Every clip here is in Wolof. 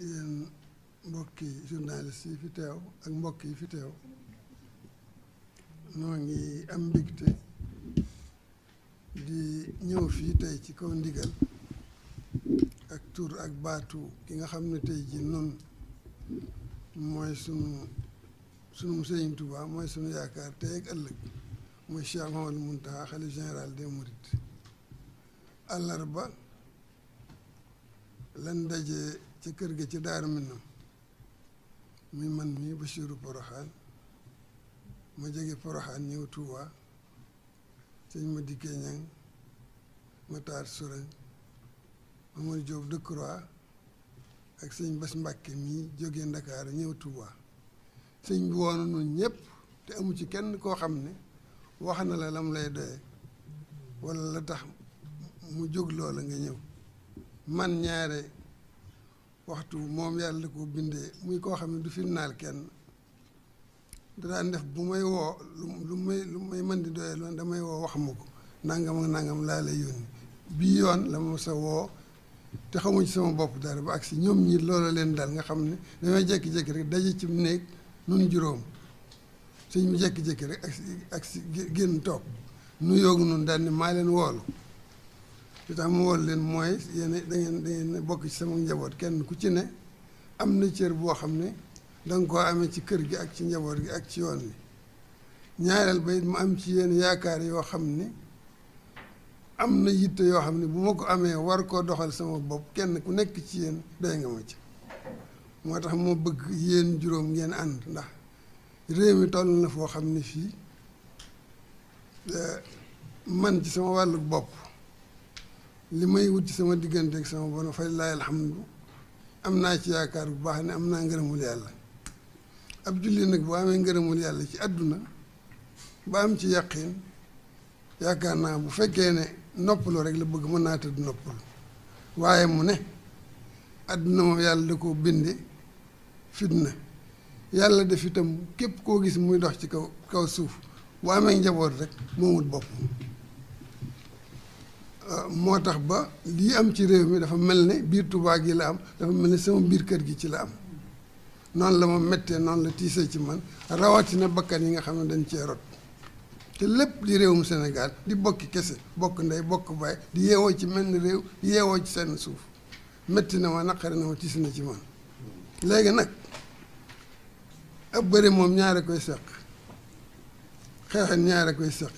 yéen mbokki journaliste yi fi teew ak mbokk yi fi teew noo ngi am mbégte di ñëw fii tey ci kaw ndigal ak tur ak baatu ki nga xam ne tey ji nun mooy sunu sunu sëriñ Tuubaa mooy sunu yaakaar tey ak ëllëg mooy Cheikh Mouhamadou Mountakha xalifa général des Mourides àllarba lan daje ci kër gi ci Daaru Minam mi man mi Basiiru Poroxaan ma jóge Poroxaan ñëw Tuuba sëñ ma dikkee ñang ma taar surañ Mamar Jóob Dëkkuroa ak sëñ Bas Mbàkke mii jóge ndakaar ñëw Tuuba sëñ bi woon nun ñépp te amu ci kenn koo xam ni wax na la lam lay doye walla la tax mu jóg loola nga ñëw man ñaare waxtu moom yàlla ko bindee muy koo xam ne du firnaal kenn daan def bu may woo lu may man di doyee loon damay woo wax ma ko nangam ak nangam laa lay yónni bii yoon la ma sa woo te xamuñ ci sama bopp dara ba agsi ñoom ñi loola leen daal nga xam ne damay jékki-jékki rek daje ci néeg nun juróom suñ mu jékki-jékki rek agsi agsi génn toog nu yoogu noonu daal ni maa leen woolu li tax mu woon leen mooy yéen dangeen ngeen bokk ci sama njaboot kenn ku ci ne am na cër boo xam ne danga koo amee ci kër gi ak ci njaboot gi ak ci yoon wi ñaareel ba it mu am ci yéen yaakaar yoo xam ne am na yitte yoo xam ne bu ma ko amee war koo doxal sama bopp kenn ku nekk ci yéen doy nga ma ci moo tax moo bëgg yéen juróom ngeen ànd ndax réew mi toll na foo xam ne fii eh, man ci sama wàllu bopp li may wut ci sama diggante ak sama borom fay laay alhamdu am naa ci yaakaar bu baax ne am naa ngërëmul yàlla ab julli nag bu amee ngërëmul yàlla ci àdduna ba am ci yàqin yaakaar naa bu fekkee ne noppalu rek la bëgg mën naa tëdd noppalu waaye mu ne àdduna moom yàlla da koo binde fitna yàlla def itam képp koo gis muy dox ci kaw kaw suuf bu amee njaboot rek moomut bopp moo tax ba li am ci réew mi dafa mel ni biir Tuubaa gi la am dafa mel ni sama biir kër gi ci la am noonu la ma méttee noonu la tiisee ci man rawatina bakkan yi nga xam ne dañ cee rot te lépp di réewum senegal di bokki kese bokk ndey bokk baay di yeewoo ci menn réew di yeewoo ci seen suuf metti na ma naqari na ma tiis na ci man léegi nag ab bëri moom ñaare koy seq xeexen ñaare koy seq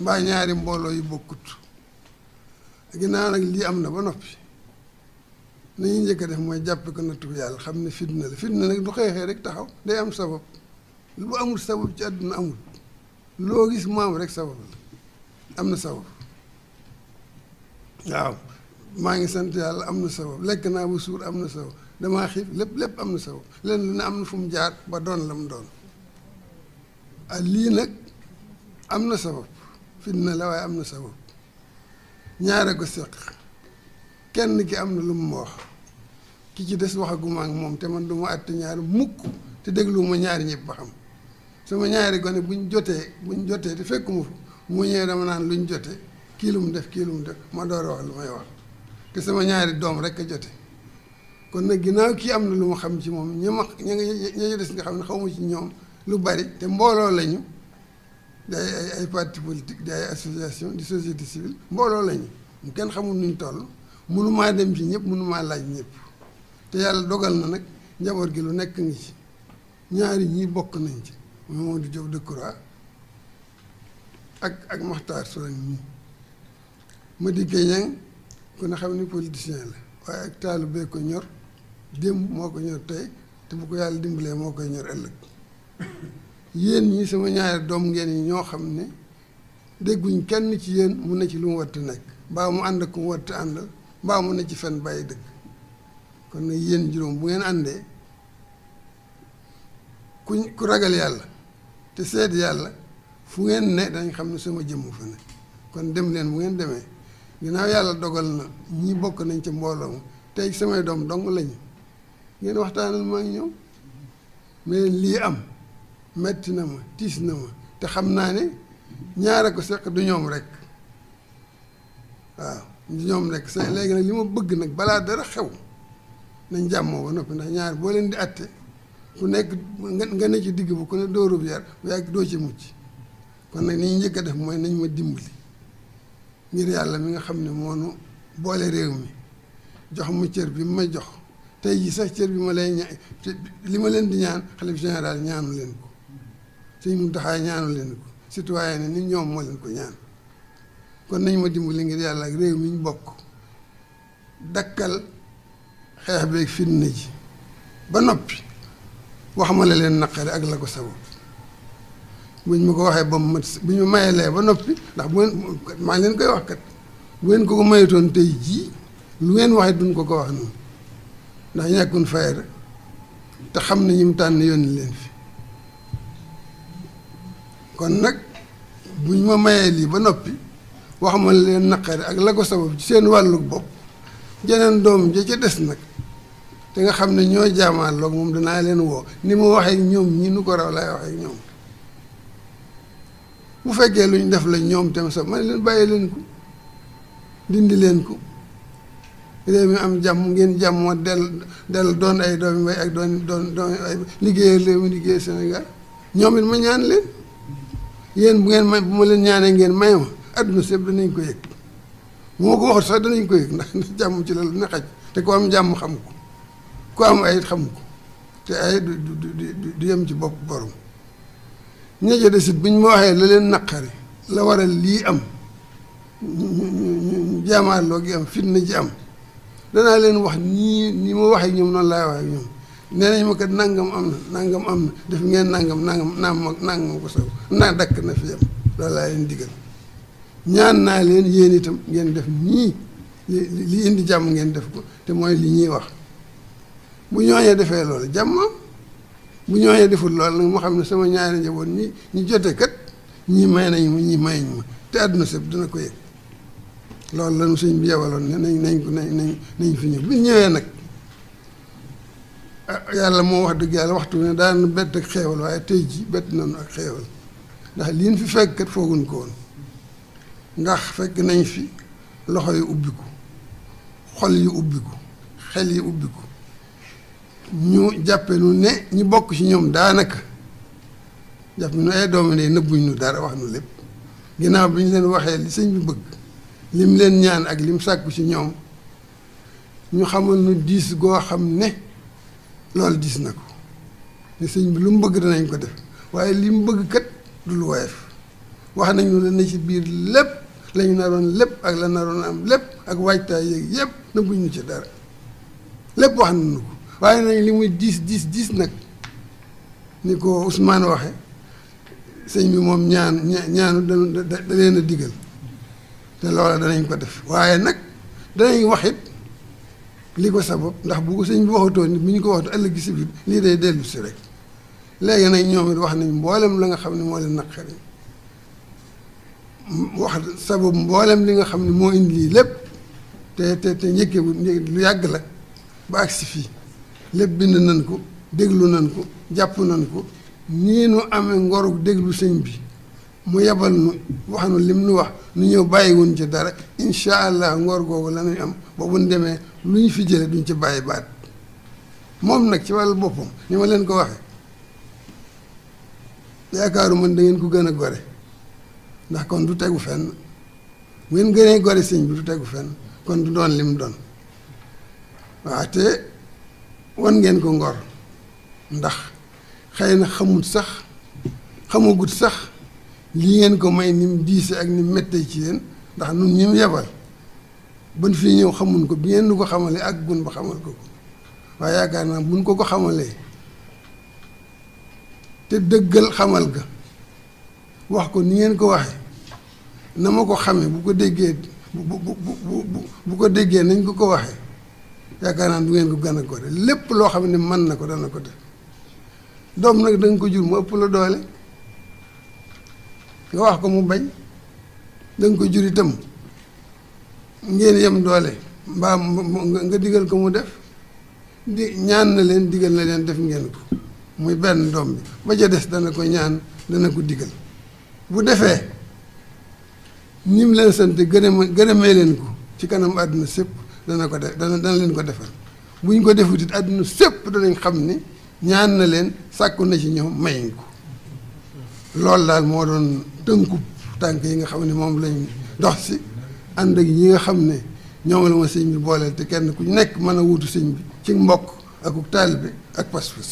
mbaa ñaari mbooloo yu bokkut ginnaaw nag lii am na ba noppi li ñuy njëkk def mooy jàppe ko nattu yàlla xam ne fitna la fitna nag du xeexee rek taxaw day am sabab lu amul sabab ci àdduna amul loo gis mu am rek sabab la am na sabab waaw maa ngi sant yàlla am na sabab lekk naa bu suur am na sabab damaa xiif lépp lépp am na sabab leen lu ne am na fu mu jaar ba doon la doon ah nag am na sabab fitna la waaye am na sabab ñaare ko séq kenn ki am na lu mu wax ki ci des waxaguma ak moom te man du ma àtte ñaari mukk te dégluwuma ñaari ñëpp ba xam sama ñaari gone buñ jotee buñ jotee te fekkuma fa mu ñëwee dama naan luñ jotee kii lu mu def kii lu mu def ma door a wax lu may wax te sama ñaari doom rek a jote kon nag ginnaaw kii am na lu ma xam ci moom ña ma ña nga ña des nga xam ne xawma ci ñoom lu bari te mbooloo lañu di ay ay ay parti politique di ay association di société civile mbooloo lañu mu kenn xamul nuñ toll mënumaa dem ci ñëpp mënumaa laaj ñëpp te yàlla dogal na nag njaboot gi lu nekk ngi ci ñaari ñii bokk nañ ci Mamadou Diop Decroix ak ak Makhtar Souran nii Madické Niang ku ne xam ni politicien la waaye ak taalu bee ko ñor démb moo ko ñor tey te bu ko yàlla dimbalee moo koy ñor ëllëg yéen ñi sama ñaari doom ngeen ñoo xam ne dégguñ kenn ci yéen mun na ci lu mu watt nekk mbaa mu ànd ak ku mu watt àndal mbaa mu ne ci fen bàyyi dëkk kon nag yéen juróom bu ngeen àndee kuñ ku ragal yàlla te seet yàlla fu ngeen ne dañ xam ne suma jëmm fa ne kon dem leen bu ngeen demee ginnaaw yàlla dogal na ñi bokk nañ ci mbooloo ma tey samay doom dong lañu ngeen waxtaanal maa ngi ñëw mais lii am metti na ma tiis na ma te xam naa ne ñaare ko seq du ñoom rek waaw du ñoom rek sa léegi nag li ma bëgg nag balaa dara xew nañ jàmmoo ba noppi ndax ñaar boo leen di atte ku nekk nga ne ci digg bu ku ne dóorub yar bu yàgg doo ci kon nag ni njëkk a def mooy nañ ma dimbali ngir yàlla mi nga xam ne moonu boole réew mi jox mu cër bi ma jox tey ji bi ma lay ña li ma leen di ñaan xale bi général ñaanu leen ko sëñ Muntaxa ñaanu leen ko citoyen ni ñoom moo leen ko ñaan kon nañ ma dimbali ngir yàlla ak réew mi ñu bokk dakkal xeex beeg fitna ji ba noppi wax ma la leen naqari ak la ko sabab buñ ma ko waxee ba mu mat bu ñu mayalee ba noppi ndax bu ngeen leen koy wax kat bu ngeen ko ko mayatoon tey jii lu ngeen waxee duñ ko ko wax noonu ndax ñàkkun fayda te xam na ñu mu tànn yónni leen fi. kon nag buñ ma mayee lii ba noppi wax ma leen naqari ak la ko sabab ci seen wàllu bopp jeneen doom ja ca des nag te nga xam ne ñoo jaamaaloog moom danaa leen woo ni ma waxee ñoom ñi nu ko raw laay waxee ñoom bu fekkee lu ñu def la ñoom tam ma man leen bàyyi leen ko dindi leen ko réew mi am jàmm ngeen jàmmoo del del doon ay doomi mbay ak doon doon doon ay liggéeyal réew mi liggéey Sénégal ñoom it ma ñaan leen yéen bu ngeen may bu ma leen ñaanee ngeen may ma adduna sépp danañ ko yëg moo ko waxut sax danañ ko yëg ndax jàmm ci la lu ne xaj te ku am jàmm xam ko ku am ay xam ko te ay du du du yem ci bopp borom ñejo de sit bu ñu ma waxee la leen naqari la waral lii am ñu jaamaarloo gi am fitna ji am danaa leen wax nii nii ma waxee ñoom noonu laay waxee ñoom nee nañ ma kat nangam am na nangam am na def ngeen nangam nangam naam ma ko saw naa dakk na fi yam loolu laa leen digal ñaan naa leen yéen itam ngeen def nii li indi jàmm ngeen def ko te mooy li ñuy wax bu ñooñee defee loolu jàmm bu ñooñee deful loolu nag ma xam ne sama ñaari njaboot ñi ñu jote kat ñi may nañ ma ñi mayuñ ma te àdduna sëpp ko loolu la sëñ bi yabaloon ne nañ nañ nañ fi ñëw bu ñëwee nag yàlla moo wax dëgg yàlla waxtu ne daan bett ak xeewal waaye tey ji bett nañu ak xeewal ndax liin fi fekk kat fooguñ koon ndax fekk nañ fi loxo yu ubbiku xol yu ubbiku xel yi ubbiku ñu jàppe nu ne ñu bokk ci ñoom daanaka jàpp nu ay doom ne nëbbuñ nu dara wax nu lépp ginnaaw bi ñu leen waxee li sëñ bi bëgg lim leen ñaan ak lim sàkku ci ñoom ñu xamal nu diis goo xam ne loolu gis na ko ne sëñ bi lu mu bëgg danañ ko def waaye li mu bëgg kat du lu woyof wax nañu ne na ci biir lépp lañu naroon lépp ak la naroon am lépp ak waajtaay yépp na buñ ñu ci dara lépp wax nañu ko waaye nañ li muy diis diis diis nag ni ko Ousmane waxe sëñ bi moom ñaan ñaanu da da leen a te loola danañ ko def waaye nag danañ wax it li ko sabab ndax bu ko sëñ bi waxatoon ni bu ñu ko waxtu ëllëg si biir lii day dellu si rek léegi nag ñoom it wax nañ mboolem la nga xam ne moo leen naqari wax sabab mboolem li nga xam ne moo indi lii lépp te te te njëkkee bu lu yàgg la ba agsi fii lépp bind nañ ko déglu nañ ko jàpp nañ ko nii nu amee ngoru déglu sëñ bi mu yebal nu wax nu lim nu wax nu ñëw bàyyiwuñ ci dara incha allah ngoor googu la am ba bu ñu demee lu ñu fi jële duñ ci bàyyi baat moom nag ci wàllu boppam ni ma leen ko waxee yaakaaru man dangeen ko gën a gore ndax kon du tegu fenn bu ngeen gënee gore sëñ bi du tegu fenn kon du doon lim doon waaw te wan ngeen ko ngor ndax xëy na xamut sax xamagut sax li ngeen ko may ni mu diise ak ni mu ci yéen ndax nun ñi mu yebal ban fii ñëw xamuñ ko bi ngeen nu ko xamalee ak gun ba xamal ko ko waaye yaakaar naa buñ ko ko xamalee te dëggal xamal ga wax ko ni ngeen ko waxee na ko xamee bu ko déggee bu ko déggee nañ ko ko waxee yaakaar naa du ngeen ko gën a ko de lépp loo xam ne mën na ko dana ko def doom nag da ko jur mu ëpp la doole nga wax ko mu bañ danga ko jur itam ngeen yem doole mbaa nga digal ko mu def di ñaan na leen digal na leen def ngeen ko muy benn doom bi ba ca des dana ko ñaan dana ko digal bu defee nim leen sant gërëm gërëmee leen ko ci kanam àdduna sépp dana ko def dana dana leen ko defal bu ñu ko defutit àdduna sépp danañ xam ni ñaan na leen sàkku na ci ñoom mayiñ ko loolu daal moo doon tënkub tànk yi nga xam ne moom lañu dox si ànd ak ñi nga xam ne ñoom la ma sëñ bi booleel te kenn ku ñu nekk mën a wuutu sëñ bi ci mbokk akuk bi ak pas-pas